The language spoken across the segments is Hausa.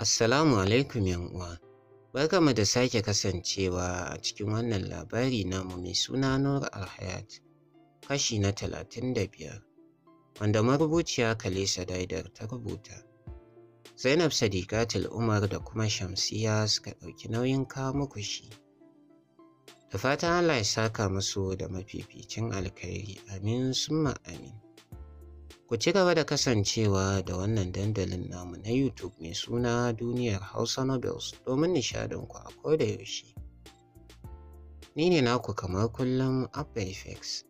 Assalamu alaikum uwa. Barkamu da sake kasancewa a cikin wannan labari namu mai suna Nur Alhayat, kashi na talatin da biyar, wanda marubuciya Kalesa Daidar ta rubuta. Zainab Sadiqatul Umar da kuma Shamsiya suka ɗauki nauyin kawo muku shi. Da fatan Allah ya saka musu da mafificin alkhairi, amin summa amin. Ku ci gaba da kasancewa da wannan dandalin namu na YouTube mai suna Duniyar Hausa Nobels domin nishadinku a koda yaushe. Ni ne naku kamar kullum Abba Effects.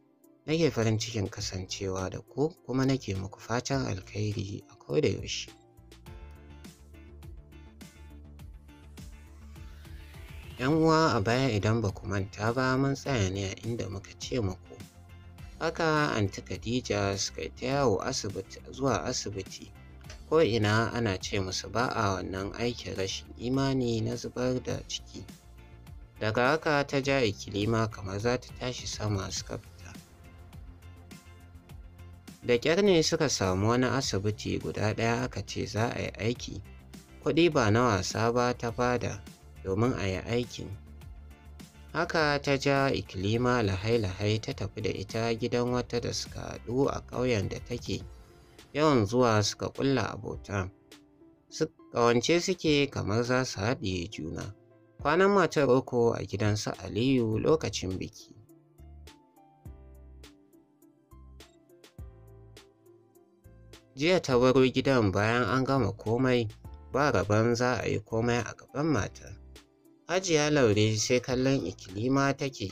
Nake farin cikin kasancewa da ku kuma nake muku fatan alkhairi a koda yaushe. ‘Yan uwa a baya idan ba ku manta ba mun tsaya ne a inda muka ce muku Haka Anti Khadija suka ta yawo asibiti zuwa asibiti ko ina ana ce musu ba a wannan aikin rashin imani na zubar da ciki. Daga haka ta ja ikilima kamar za ta tashi sama suka fita. Da ƙyar ne suka samu wani asibiti guda ɗaya aka ce za a yi aiki, kuɗi ba na wasa ba ta bada domin a yi aikin. haka ta ja ikilima lahai-lahai ta tafi da ita gidan wata da suka haɗu a ƙauyen da take yawan zuwa suka ƙulla abota ƙawance suke kamar za su haɗe juna kwanan matar uku a gidan su aliyu lokacin biki jiya ta baro gidan bayan an gama komai ba rabon za a yi komai a gaban matar Hajiya Laure sai kallon Ikilima take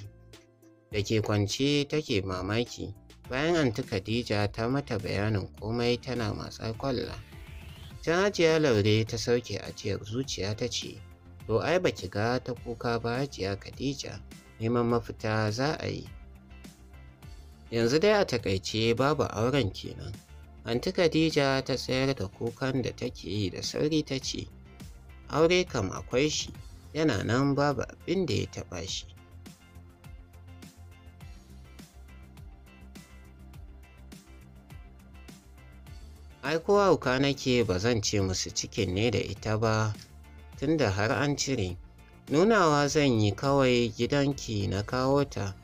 da ke kwance take mamaki bayan anti Khadija ta mata bayanin komai tana matsa kwalla. Can Hajiya Laure ta sauke ajiyar zuciya ta ce, To ai baki ga ta kuka ba Hajiya Khadija neman mafita za a yi. Yanzu dai a takaice babu auren kenan. Anti Khadija ta tsayar da kukan da take yi da sauri ta ce, Aure kam akwai shi. yana nan babu abin da ya taɓa shi. Ai kowa hauka nake ba zan ce musu cikin ne da ita ba tunda har an cire. Nunawa zan yi kawai gidanki na kawo ta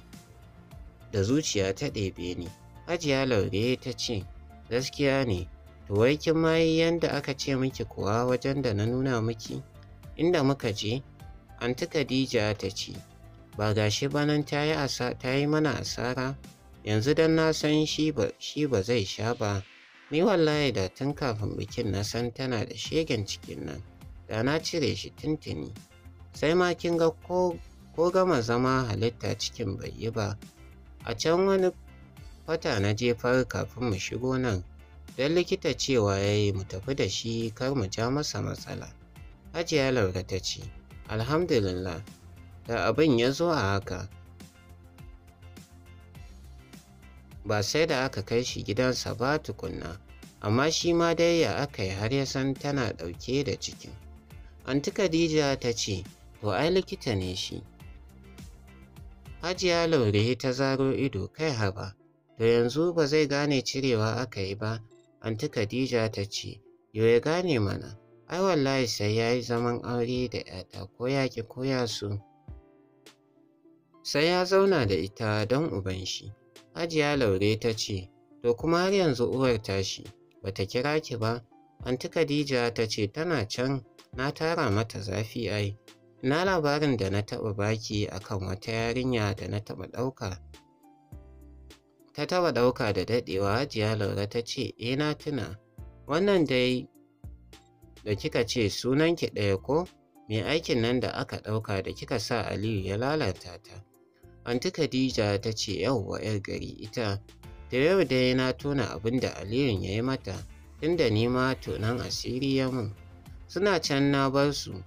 da zuciya ta ɗebe ni. Hajiya Laure ta ce, gaskiya ne, to wai kin ma yi yanda aka ce miki kuwa wajen da na nuna miki, inda muka je ta Khadija ta ce, ba gashi ba nan ta yi mana asara, yanzu don na san shi ba zai sha ba, ni wallahi da tun kafin bikin na san tana da shegen cikin nan, da na cire shi tuntuni. Sai ma kin ga ko, gama zama halitta cikin bai yi ba, a can wani fata na jefar kafin mu shigo nan, don likita cewa ya yi mu tafi da shi kar mu ja masa matsala. Hajiya Laura ta ce, Alhamdulillah, da abin ya zo a haka. Ba sai da aka kai shi gidansa ba tukunna, amma shi ma dai ya aka yi har ya san tana ɗauke da cikin. Anti Khadija ta ce, To ai likita ne shi. Hajiya Laure ta zaro ido kai haba, to yanzu ba zai gane cirewa aka yi ba, Anti Khadija ta ce, Yo ya gane mana. ai wallahi sai ya yi zaman aure da ‘yata ko ya ki koya su sai ya zauna da ita don uban shi hajiya laure ta ce to kuma har yanzu uwar tashi bata kira ki ba anti khadija ta ce tana can na tara mata zafi ai na labarin da na taɓa baki akan wata yarinya da na taɓa ɗauka ta taɓa ɗauka da daɗewa hajiya laure ta ce eh na tuna wannan dai da kika ce sunanki ɗaya ko mai aikin nan da aka ɗauka da kika sa Aliyu ya lalata ta. Anti Khadija ta ce yauwa 'yar gari ita, da yau dai na tona abin da Aliyun ya yi mata, tunda ni ma tonan asiri ya mun. Suna can na bar su,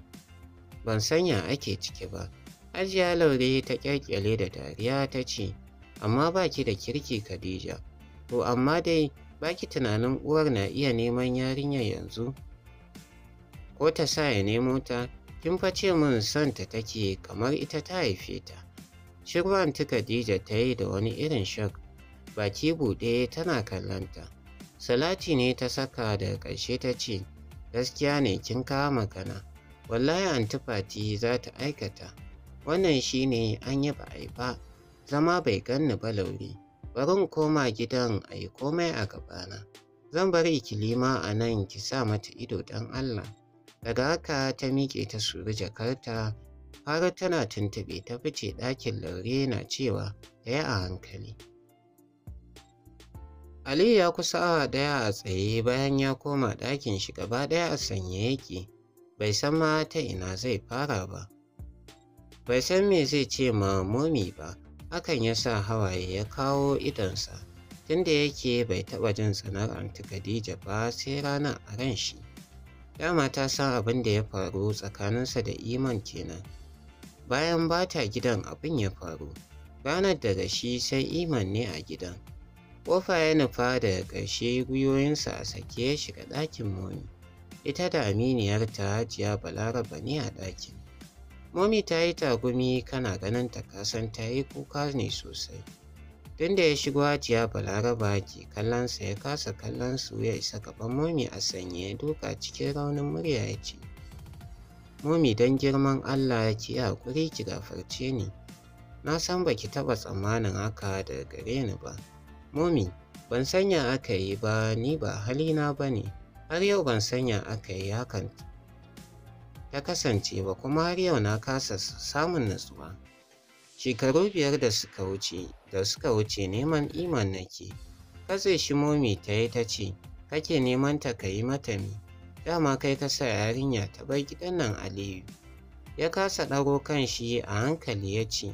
ban sanya ake ciki ba. Ajiya Laure ta ƙyalƙyale da dariya ta ce, amma ba ki da kirki Khadija, to amma dai baki tunanin uwar na iya neman yarinyar yanzu. ko ta sa ya nemo ta kin fa ce min son ta take kamar ita ta haife ta shirwan ta Khadija ta yi da wani irin shak baki buɗe tana kallanta salati ne ta saka da ƙarshe ta ce gaskiya ne kin kawo magana wallahi antifati za ta aikata wannan shi ne an yi ba yi ba zama bai ganni ba lauri bari in koma gidan a yi komai a gabana zan bari kilima a nan ki sa mata ido don allah daga haka ta miƙe ta suru jakarta fara tana tuntuɓe ta fice ɗakin laure na cewa ta yi a hankali aliyu ya kusa awa ɗaya a tsaye bayan ya koma ɗakin shi gaba ɗaya a sanye yake bai san ma ta ina zai fara ba bai san me zai ce ma momi ba hakan ya sa hawaye ya kawo idonsa tunda yake bai taɓa jin tsanar anti Khadija ba sai ranar a ran shi Dama ta san abin da ya faru tsakaninsa da Iman kenan. Bayan ba ta gidan abin ya faru, ranar daga shi sai Iman ne a gidan. Kofa ya nufa da ƙarshe gwiwoyinsa a sake ya shiga ɗakin momi. Ita da aminiyar ta Hajiya Balaraba ne a ɗakin. Momi ta yi tagumi kana ganin ta kasan ta yi kuka ne sosai. Tun da ya shigo Hajiya Balaraba ke kallonsa ya kasa kallon su ya isa gaban momi a sanye ya duka cikin raunin murya ya ce, Momi don girman Allah ya ki haƙuri ki gafarce ni, na san ba ki taɓa tsammanin haka daga gare ni ba. Momi, ban sanya aka yi ba ni ba halina ba ne, har yau ban sanya aka yi hakan ta kasance ba kuma har yau na kasa samun natsuwa. Shekaru biyar da suka wuce, da suka wuce neman Iman nake. Katse shi momi ta yi ta ce, kake neman ta ka yi mata mi Dama kai ka sa yarinya ta bar gidan nan Aliyu. Ya kasa ɗaro kan shi a hankali ya ce,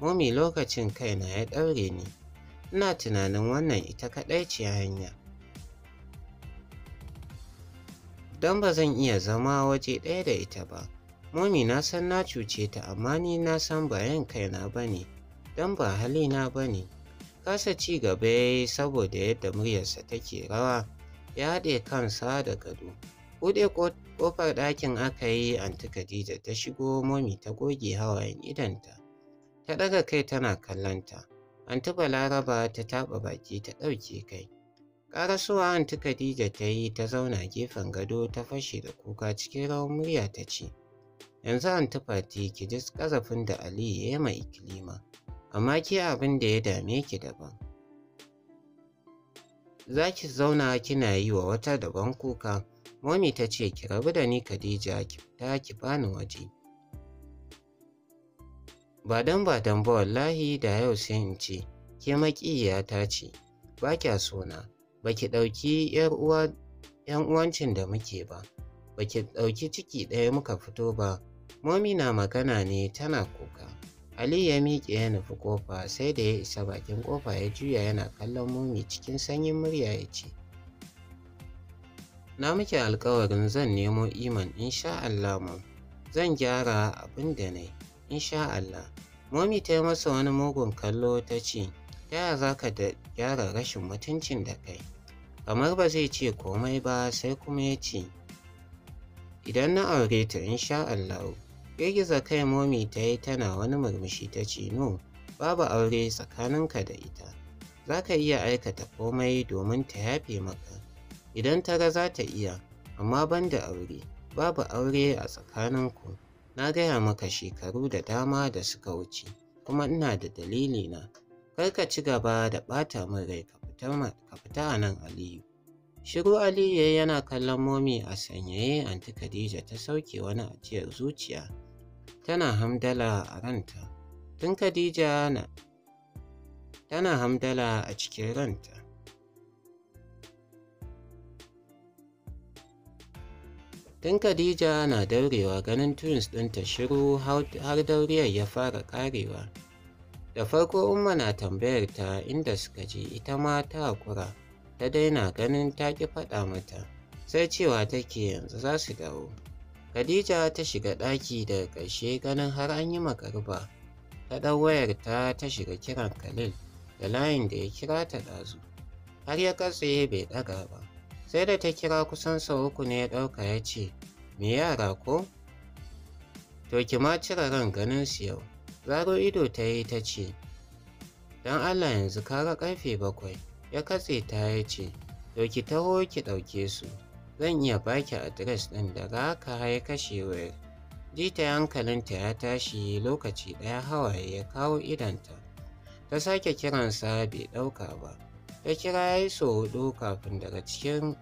momi lokacin kai na ya ɗaure ni. Ina tunanin wannan ita kaɗai ce hanya. Don ba zan iya zama waje ɗaya da ita ba. Momi na san na cuce ta amma ni na san ba yan kaina ba ne, don ba halina ba ne. Kasa ci gaba ya yi saboda yadda muryarsa take rawa, ya haɗe kansa da gado. Buɗe ƙofar ɗakin aka yi anti Khadija ta shigo momi ta goge hawayen idanta. Ta ɗaga kai tana kallonta. Anti Balaraba ta taɓa baki ta ɗauke kai. Ƙarasuwa anti Khadija ta yi ta zauna gefen gado ta fashe da kuka cikin rawar murya ta ce, yanzu antifati ki ji ƙazafin da Ali ya yi mai ikilima amma ke abin da ya dame ki daban za ki zauna kina yi wa wata daban kuka momi ta ce ki rabu da ni Khadija ki ta ki bani waje ba dan ba dan ba wallahi da yau sai in ce ke maƙiya ta ce ba kya sona ba ki ɗauki ‘yan uwancin da muke ba, ba ki ɗauki ciki ɗaya muka fito ba, Momi na magana ne tana kuka. Ali ya miƙe ya nufi ƙofa sai da ya isa bakin ƙofa ya juya yana kallon Momi cikin sanyin murya ya ce, Na muke alkawarin zan nemo iman insha Allah mu. Zan gyara abin da na insha Allah. Momi ta yi masa wani mugun kallo ta ce, Ta yaya za ka gyara rashin mutuncin da kai? Kamar ba zai ce komai ba sai kuma ya ce, Idan na aure ta insha Allah Girgiza kai momi ta yi tana wani murmushi ta ce no, babu aure tsakaninka da ita. Za ka iya aikata komai domin ta yafe maka. Idan ta ga za ta iya, amma ban da aure, babu aure a tsakaninku. Na gaya maka shekaru da dama da suka wuce, kuma ina da dalili na. Kar ka ci gaba da ɓata min rai ka fita a nan Aliyu. Shiru Aliyu yana kallon momi a sanyaye anti Khadija ta sauke wani ajiyar zuciya tana hamdala a ranta. Tun Khadija na tana hamdala a cikin ranta. Tun Khadija na daurewa ganin twins ɗinta shiru har dauriyar ya fara ƙarewa. Da farko Umma na tambayar ta inda suka je ita ma ta haƙura. ta daina ganin ta ƙi faɗa mata sai cewa take yanzu za su dawo khadija ta shiga ɗaki daga ƙarshe ganin har an yi makarba ta ɗau wayarta ta shiga kiran khalil da layin da ya kira ta ɗazu har ya katse bai ɗaga ba sai da ta kira kusan sau uku ne ya ɗauka ya ce me yara ko to ki ma cire ran ganin su yau zaro ido ta yi ta ce don allah yanzu kara ƙarfe bakwai ya katse ta ya ce dauki taho ki ɗauke su zan iya baki adres ɗin da daga ka ya kashe wayar jita hankalinta ya tashi lokaci ɗaya hawaye ya kawo idanta ta sake kiransa bai ɗauka ba ta kira ya yi so hudu kafin daga cikin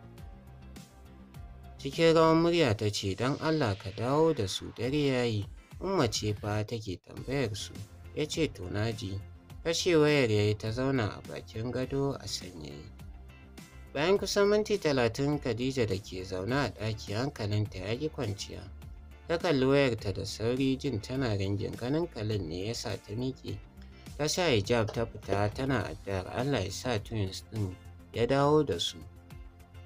cikin rawan murya ta ce don allah ka dawo da su dare ya yi umma ce fa take tambayar su ya ce to naji fashe wayar ya yi ta zauna a bakin gado a sanye. Bayan kusan minti talatin Khadija da ke zaune a ɗaki hankalinta ya ƙi kwanciya. Ta kalli wayarta da sauri jin tana ringin ganin kalin ne ya sa ta miƙe. Ta sa hijab ta fita tana addu'ar Allah ya sa twins ɗin ya dawo da su.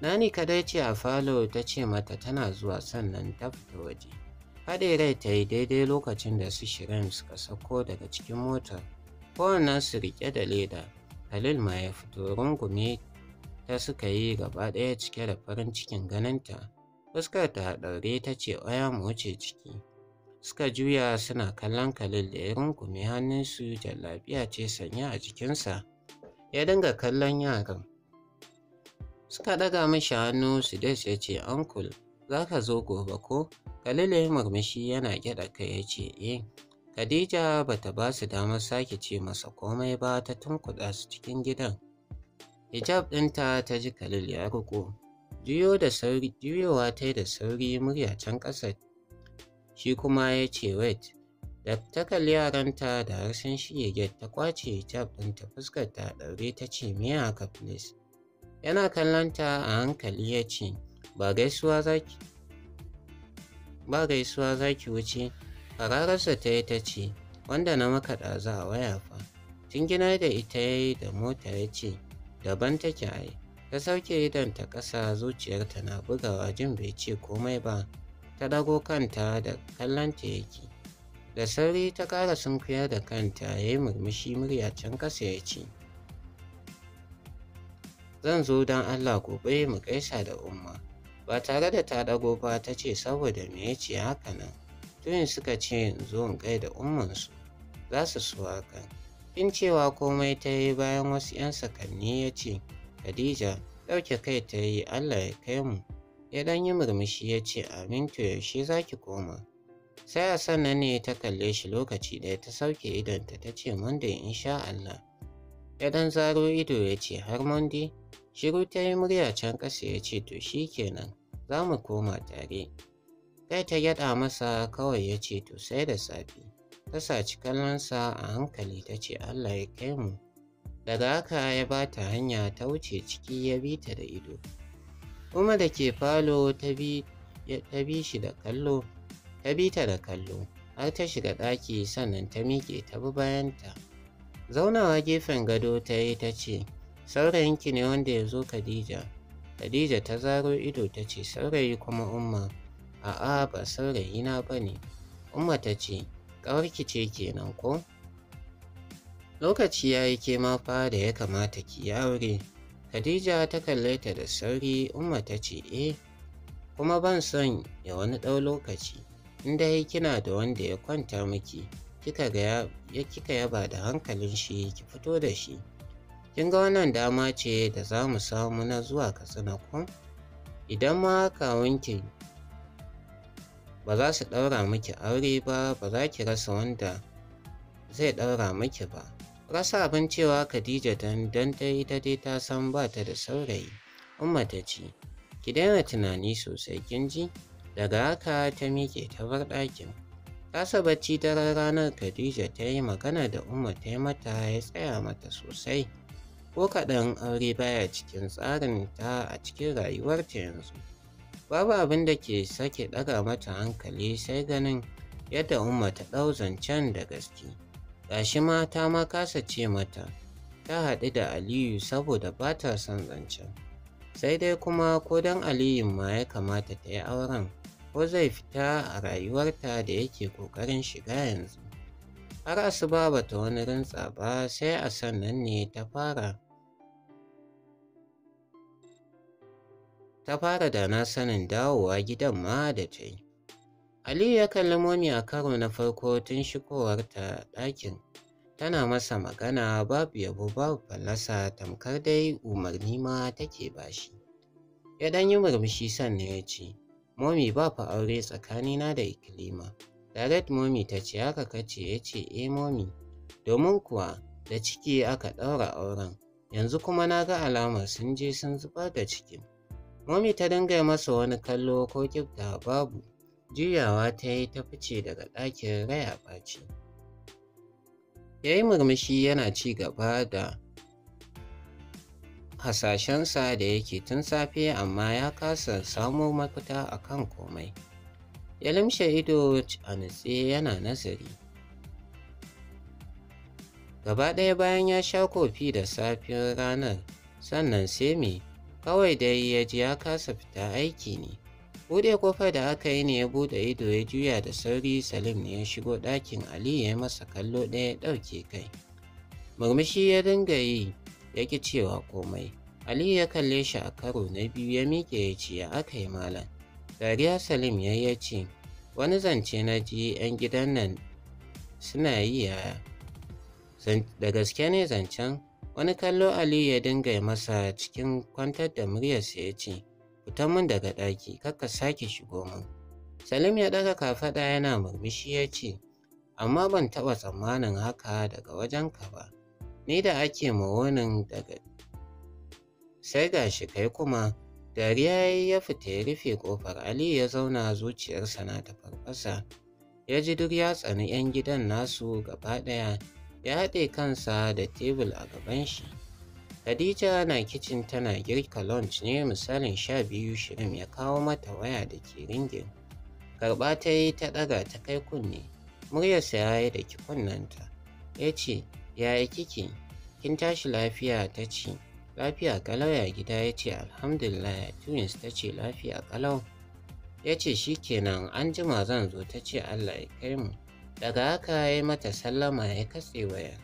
Nani kadai ce a falo ta ce mata tana zuwa sannan ta fita waje. Haɗe rai ta yi daidai lokacin da su shirin suka sako daga cikin motar. su riƙe da leda halil ma ya fito rungume ta suka yi gaba ɗaya cike da farin cikin ganinta fuskar ta ɗaure ta ce oya mu wuce ciki suka juya suna kallon kalil da ya rungume hannunsu jallabiya ce sanya a jikinsa ya dinga kallon yaran suka ɗaga mishi hannu su ya ce uncle za ka zo gobe ko kalil ya yi murmushi yana gyaɗa kai ya ce eh Khadija bata ba su damar sake ce masa komai ba ta tunkuɗa su cikin gidan. Hijab ɗinta ta ji Khalil ya riƙo. Juyo da sauri, juyowa ta da sauri murya can ƙasa. Shi kuma ya ce wait. Da ta kalli yaranta da harsun shige ta kwace hijab ɗinta fuskar ta ɗaure ta ce me haka please. Yana kallonta a hankali ya ce ba gaisuwa zaki ba gaisuwa zaki wuce Farararsa ta yi ta ce, wanda na maka ɗaza a waya fa. tun gina da ita ya yi da mota ya ce, daban take ai. Ta sauke idan ta ƙasa zuciyarta na bugawa jin bai ce komai ba. Ta ɗago kanta da kallonta yake. Da sauri ta ƙara sunkuya da kanta ya yi murmushi murya can ƙasa ya ce, Zan zo don Allah gobe mu gaisa da umma. Ba tare da ta ɗago ba ta ce saboda me ya ce haka nan. Tuyin suka ce in zo in kai da ummansu za su suwa kan. Kin cewa komai ta yi bayan wasu 'yan sakanni ya ce, Khadija, ɗauke kai ta yi Allah ya kai mu. Ya dan yi murmushi ya ce, Amin to yaushe za ki koma. Sai a sannan ne ta kalle shi lokaci ɗaya ta sauke idonta ta ce, Monday sha Allah. Ya dan zaro ido ya ce, Har Monday? Shiru ta yi murya can ƙasa ya ce, To shi kenan, za mu koma tare. Kai ta gyada masa kawai ya ce to sai da safe. Ta saci kallonsa a hankali ta ce Allah ya kai mu. Daga haka ya ba ta hanya ta wuce ciki ya bi ta da ido. Kuma da ke falo ta bi shi da kallo, ta bi ta da kallo, har ta shiga ɗaki sannan ta miƙe ta bi bayanta. Zaunawa gefen gado ta yi ta ce, Saurayinki ne wanda ya zo Khadija. Khadija ta zaro ido ta ce, Saurayi kuma Umma. A'a ba saurayina ba ne. Umma ta ce, ƙawarki ce kenan ko? Lokaci ya yi kema fa da ya kamata ki yi aure. Khadija ta kalle ta da sauri Umma ta ce, eh, kuma ban son ya wani ɗau lokaci. In dai kina da wanda ya kwanta miki, kika ga ya kika yaba da hankalin shi ki fito da shi. Kin ga wannan dama ce da za mu samu na zuwa Katsina ko? Idan ma kawunkin ba za su ɗaura miki aure ba ba za ki rasa wanda zai ɗaura miki ba rasa abin cewa Khadija don dan dai ta dai ta san ba ta da saurayi Umma ta ce ki daina tunani sosai kin ji daga haka ta miƙe ta bar ɗakin kasa bacci ta ranar Khadija ta yi magana da Umma ta yi mata ya tsaya mata sosai ko kaɗan aure baya cikin tsarin ta a cikin rayuwarta yanzu Babu abin da ke sake ɗaga mata hankali sai ganin yadda Umma ta ɗau zancen da gaske. Gashi ma ta ma kasa ce mata, ta haɗu da Aliyu saboda ba ta son zancen. Sai dai kuma ko dan Aliyun ma ya kamata ta yi auren ko zai fita a rayuwarta da yake ƙoƙarin shiga yanzu. Har asuba bata wani rintsa ba sai a sannan ne ta fara ta fara da na sanin dawowa gidan ma da ta yi. Aliyu ya kalli Momi a karo na farko tun shigowarta ɗakin. Tana masa magana babu yabo babu fallasa tamkar dai umarni ma take bashi. Ya yi murmushi sannan ya ce, Momi ba fa aure tsakanina da Ikilima. Direct Momi ta ce aka kace ya ce e eh, Momi. Domin kuwa da ciki aka ɗaura auren, yanzu kuma na ga alamar sun je sun zubar da cikin. Momi ta dinga masa wani kallo ko kibda babu, juyawa ta yi ta fice daga ɗakin raya ɓaci. Ya yi murmushi yana ci gaba da hasashensa da yake tun safe amma ya kasa samo mafita a kan komai. Ya limshe ido a nutse yana nazari. Gaba ɗaya bayan ya sha kofi da safiyar ranar, sannan sai mai Kawai dai ya ji ya kasa fita aiki ne. Buɗe kofar da aka yi ne ya buɗe ido ya juya da sauri Salim ne ya shigo ɗakin Ali ya yi masa kallo ɗaya ɗauke kai. Murmushi ya dinga yi ya ki cewa komai. Ali ya kalle shi a karo na biyu ya miƙe ya ce ya aka yi malam. Dariya Salim ya yi ce wani zance na ji 'yan gidan nan suna yi ya. Da gaske ne zancen wani kallo Aliyu ya dinga masa cikin kwantar da muryarsa ya ce, Fitan min daga ɗaki, kakka sake shigo mun Salim ya ɗaga kafaɗa yana murmushi ya ce, Amma ban taɓa tsammanin haka daga wajenka ba, ni da ake mawonin daga. Sai ga shi kai kuma, dariya ya fita ya rufe ƙofar Aliyu ya zauna zuciyarsa na ta farfasa, ya ji duk ya tsani 'yan gidan nasu gaba ɗaya. ya haɗe kansa da tebul a gaban shi. Khadija na kicin tana girka lunch ne misalin sha biyu shirin ya kawo mata waya da ke ringin. Karɓa ta yi ta ɗaga ta kai kunne, muryarsa ya yi da ki kunnanta. Ya ce, yaya kike? Kin tashi lafiya ta ce, lafiya kalau ya gida ya ce alhamdulillah ya twins ta ce lafiya kalau. Ya ce shi kenan an jima zan zo ta ce Allah ya kai mu. daga haka ya mata sallama ya katse wayar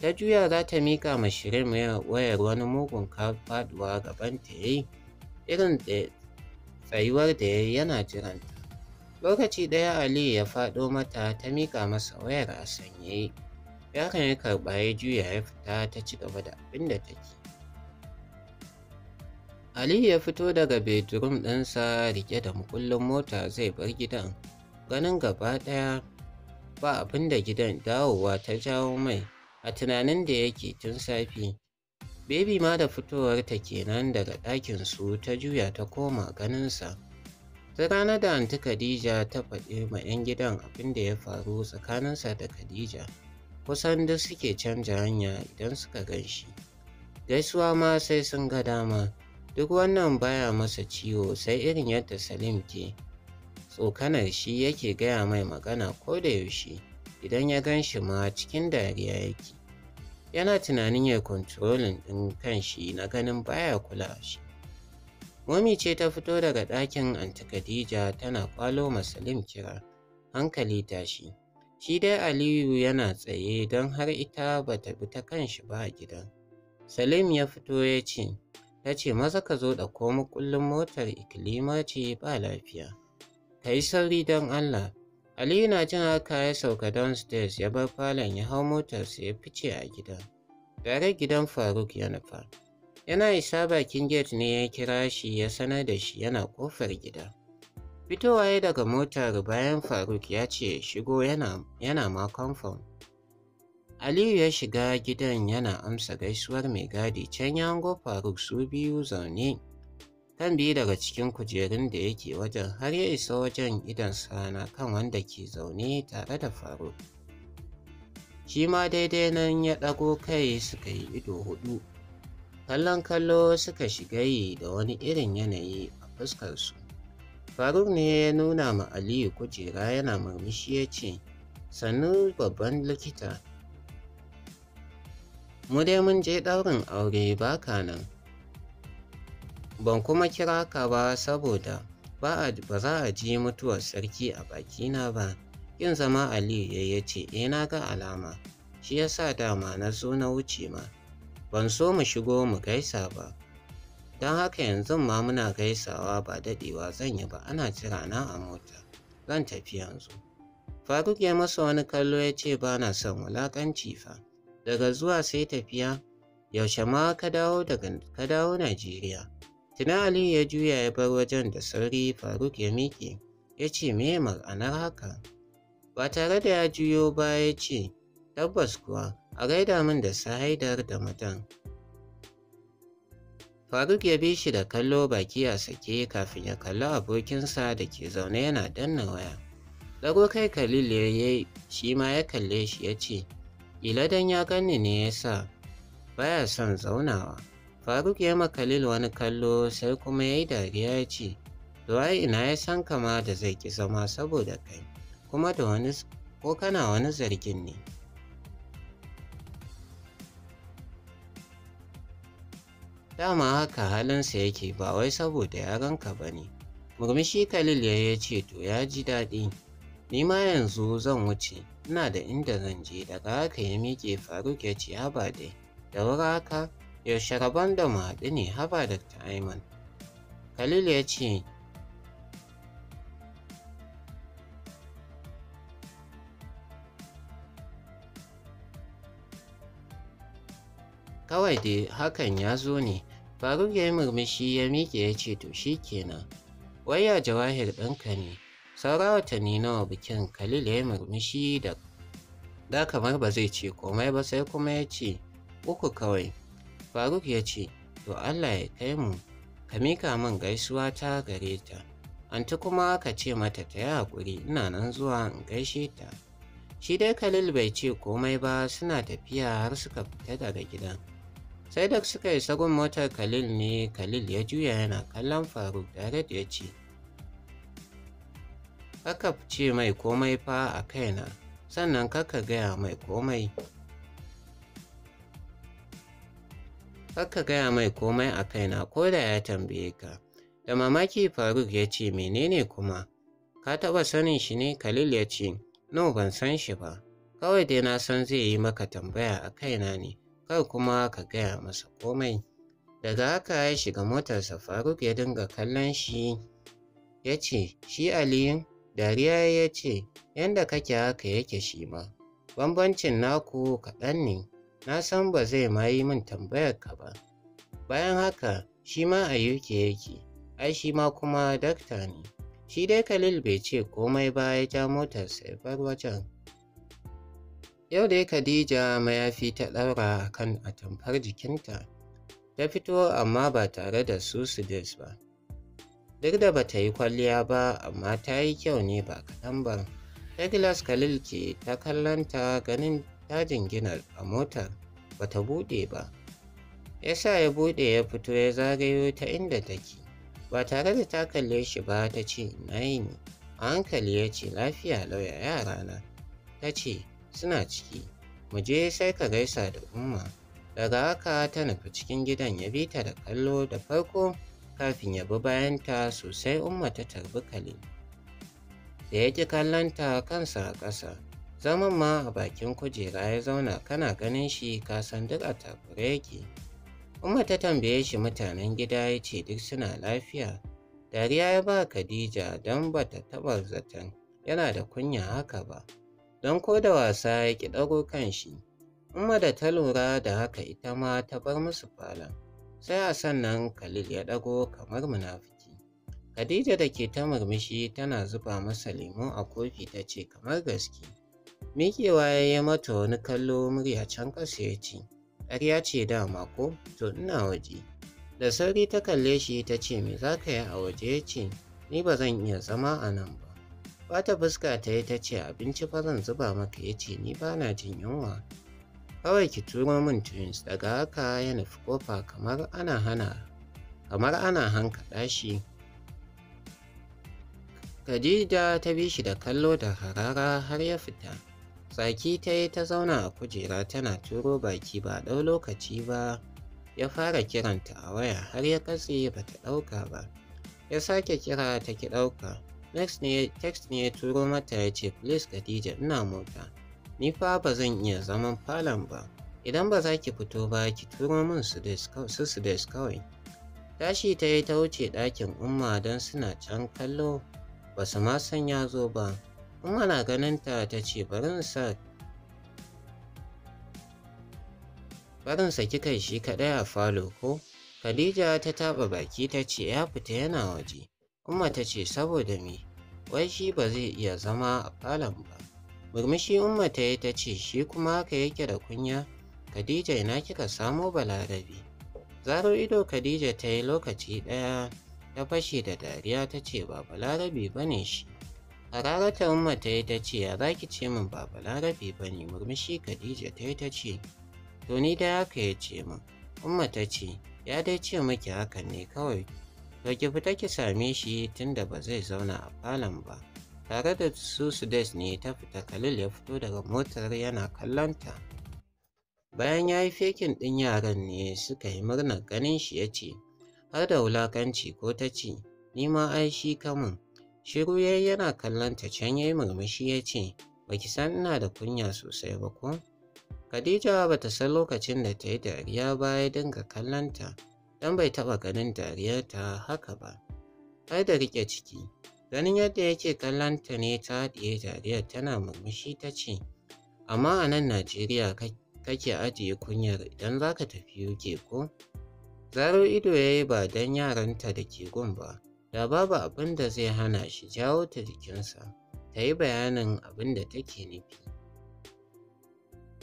ta juya za ta miƙa ma shirin wayar wani mugun gaban gabanta ya yi irin tsayuwar da ya yi yana jiranta lokaci ɗaya aliyu ya faɗo mata ta miƙa masa wayar a sanye yaron ya karɓa ya juya ya fita ta ci gaba da abin da take aliyu ya fito daga bedroom ɗinsa rike da mukullin mota zai bar gidan ganin gaba ɗaya ba abin da gidan dawowa ta jawo mai a tunanin da yake tun safi. Baby ma da fitowar ta kenan daga ɗakin su ta juya ta koma ganinsa. ta rana da anti Khadija ta faɗi ma 'yan gidan abin da ya faru tsakaninsa da Khadija. Kusan duk suke canja hanya idan suka gan shi. Gaisuwa ma sai sun ga dama. Duk wannan baya masa ciwo sai irin yadda Salim ke. tsokanar shi yake gaya mai magana ko da yaushe idan ya gan shi ma cikin dariya yake yana tunanin ya kontrolin ɗin kanshi na ganin baya kula shi Mami ce ta fito daga ɗakin anti khadija tana kwalo masalim kira hankali tashi shi dai aliyu yana tsaye don har ita ba ta bi ta kan shi ba a gidan salim ya fito ya ce ta ce maza ka zo da komu kullum motar ikilima ce ba lafiya Ta yi sauri don Allah. Aliyu na jin haka ya sauka downstairs ya bar falon ya hau motarsa ya fice a gida. Tare gidan Faruk ya nufa. Yana isa bakin gate ne ya kira shi ya sanar da shi yana kofar gida. Fitowa ya daga motar bayan Faruk ya ce shigo yana, yana ma confirm. Aliyu ya shiga gidan yana amsa gaisuwar mai gadi can ya hango Faruk su biyu zaune. kan bi daga cikin kujerun da yake wajen har ya isa wajen idan sana kan wanda ke zaune tare da faruk shi ma daidai nan ya ɗago kai suka yi ido hudu kallon kallo suka shiga yi da wani irin yanayi a fuskarsu faruk ne ya nuna ma aliyu kujera yana murmushi ya ce sannu babban likita mu dai mun je ɗaurin aure baka nan ban kuma kira ka ba saboda ba za a ji mutuwar sarki a bakina ba yin zama aliyu ya ce e na ga alama shi ya sa dama na zo na wuce ma ban so mu shigo mu gaisa ba don haka yanzu ma muna gaisawa ba dadewa zan yi ba ana jira na a mota zan tafi yanzu faruk ya masa wani kallo ya ce ba na son wulakanci fa daga zuwa sai tafiya yaushe ma ka dawo Najeriya Tuna Aliyu ya juya ya bar wajen da sauri Faruk ya miƙe ya ce me ma'anar haka. Ba tare da ya juyo ba ya ce tabbas kuwa a gaida min da sahaidar da matan. Faruk ya bi shi da kallo baki a sake kafin ya kalli abokinsa da ke zaune yana danna waya. Dago kai Khalil ya yi shi ma ya kalle shi ya ce, ila dan ya ganni ne ya sa baya son zaunawa. Faruk ya ma Khalil wani kallo sai kuma ya yi dariya ya ce, Duwai ina ya san kama da zai ki zama saboda kai, kuma da wani ko kana wani zargin ne. Dama haka halinsa yake ba wai saboda yaranka ba ne. Murmushi Khalil ya yi ce to ya ji daɗi. Ni ma yanzu zan wuce, ina da inda zan je daga haka ya miƙe Faruk ya ce haba dai, da wuri haka yaushe rabon da mu haɗu ne haba Dr. Ayman. Khalil ya ce kawai dai hakan ya zo ne faruk ya yi murmushi ya miƙe ya ce to shi kenan waya jawahir ɗinka ne saura watanni nawa bikin khalil ya yi murmushi da da kamar ba zai ce komai ba sai kuma ya ce uku kawai Faruk ya ce, To Allah ya kai mu, ka mika min gaisuwa ta gare ta. Anti kuma ka ce mata ta yi haƙuri ina nan zuwa in gaishe ta. Shi dai Khalil bai ce komai ba suna tafiya har suka fita daga gidan. Sai da suka yi sagun motar Khalil ne Khalil ya juya yana kallon Faruk tare da ya ce, Kaka ce mai komai fa a kaina, sannan kaka gaya mai komai. ka gaya mai komai a kaina ko da ya tambaye ka. Da mamaki Faruk ya ce menene kuma? Ka taɓa sanin shi ne Khalil ya ce, no ban san shi ba. Kawai dai na san zai yi maka tambaya a kaina ne, kar kuma ka gaya masa komai. Daga haka ya shiga motarsa Faruk ya dinga kallon shi ya ce, shi Aliyu? Dariya ya ce, yanda kake haka yake shi ma, bambancin naku kaɗan ne. na san ba zai ma yi min tambayar ka ba. Bayan haka shi ma a UK yake, ai shi ma kuma dakta ne. Shi dai Khalil bai ce komai ba ya ja motar sai bar wajen. Yau dai Khadija mayafi ta ɗaura kan atamfar jikinta. Ta fito amma ba tare da su su sudis ba. Duk da bata yi kwalliya ba amma ta yi kyau ne ba kaɗan ba. Douglas Khalil ke ta kallonta ganin ya ginar a motar bata bude ba ya sa ya bude ya fito ya zagayo ta inda take ba tare da ta kalle shi ba ta ce na yi ne a hankali ya ce lafiya lauya yarana ta ce suna ciki mu je sai ka gaisa da umma daga haka ta nufi cikin gidan ya bi ta da kallo da farko kafin ya bi bayanta sosai umma ta tarbi kale da ya ƙi kallonta kansa a ƙasa Zaman ma a bakin kujera ya zauna kana ganin shi ka san duk a takure yake. Umma ta tambaye shi mutanen gida ya ce duk suna lafiya. Dariya ya ba Khadija don ba ta taɓa zaton yana da kunya haka ba. Don ko da wasa ya ki ɗago kan shi. Umma da ta lura da haka ita ma ta bar musu falon. Sai a sannan Khalil ya ɗago kamar munafiki. Khadija da ke ta murmushi tana zuba masa lemo a kofi ta ce kamar gaske. Miƙewa ya yi mata wani kallo murya can ƙasa ya ce, ƙarya ce dama ko, to ina waje. Da sauri ta kalle shi ta ce me za ka yi a waje ya ce, ni ba zan iya zama a nan ba. Bata fuska ta yi ta ce abinci fa zan zuba maka ya ce ni ba na jin yunwa. Kawai ki turo min twins daga haka ya nufi kofa kamar ana hana kamar ana hankaɗa shi. Khadija ta bi shi da kallo da harara har ya fita. Saki ta yi ta zauna a kujera tana turo baki ba ɗau lokaci ba ya fara kiranta a waya har ya katse ba ta ɗauka ba. Ya sake kira ta ki ɗauka. Text ne ya turo mata ya ce please Khadija ina mota. Ni fa ba zan iya zaman falon ba. Idan ba za ki fito ba ki turo min su su kawai. Tashi ta yi ta wuce ɗakin umma don suna can kallo ba su ma san ya zo ba in ana ganin ta ta ce bari barin shi kaɗai a falo ko khadija ta taɓa baki ta ce ya fita yana waje umma ta ce saboda me wai shi ba zai iya zama a falon ba murmushi umma ta yi ta ce shi kuma haka yake da kunya khadija ina kika samo Balarabi? zaro ido khadija ta yi lokaci ɗaya ta fashe da dariya ta ce ba balarabe ba ne shi harara ta umma ta yi ta ce ya za ki ce min ba balarabe ba ne murmushi khadija ta yi ta ce to ni da haka ya ce min umma ta ce ya dai ce miki hakan ne kawai to ki fita ki same shi tunda ba zai zauna a falon ba tare da su sudes ne ta fita khalil ya fito daga motar yana kallonta bayan ya yi fekin ɗin yaran ne suka yi murnar ganin shi ya ce har da wulakanci ko ta ce ni ma ai shi kamun shiru yayi yana kallon ta can yi murmushi ya ce baki san ina da kunya sosai ba ko Khadija bata san lokacin da ta yi dariya ba ya dinga kallon ta dan bai taɓa ganin dariyar ta haka ba har da rike ciki ganin yadda yake kallon ta ne ta haɗiye dariyar tana murmushi ta ce amma a nan Najeriya kake ajiye kunyar idan za ka tafi UK ko Zarar ido ya yi ba don yaranta da ke gun ba, da babu abin da zai hana shi jawo ta jikinsa, ta yi bayanin abin da take nufi.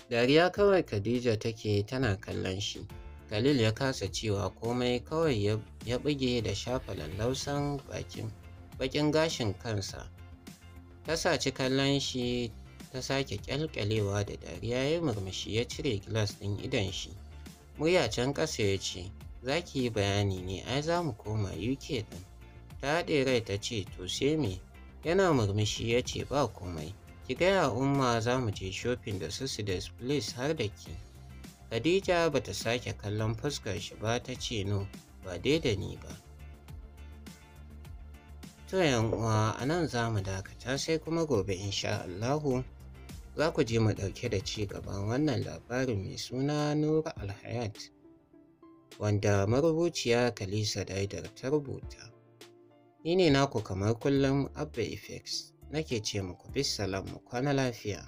Dariya kawai Khadija take tana kallon shi, Khalil ya kasa cewa komai kawai ya buge da shafa lallausan bakin gashin kansa. Ta saci kallon shi ta sake kyalkyalewa da dariya ya murmushi ya cire gilas ɗin idon shi. Murya ƙasa ya ce, za ki yi bayani ne ai za mu koma UK ɗin. Ta haɗe rai ta ce to sai me yana murmushi ya ce ba komai. Ki gaya umma za mu je shopping da su da place har da ki. Khadija ba ta sake kallon fuskar shi ba ta ce no ba dai da ni ba. To uwa a nan za mu dakata sai kuma gobe insha Allahu za ku je mu ɗauke da ci gaban wannan labarin mai suna Nura Alhayat. wanda marubuciya Kalisa Daidar ta rubuta. Ni ne naku kamar kullum Abba Effects nake ce muku bisalam mu kwana lafiya.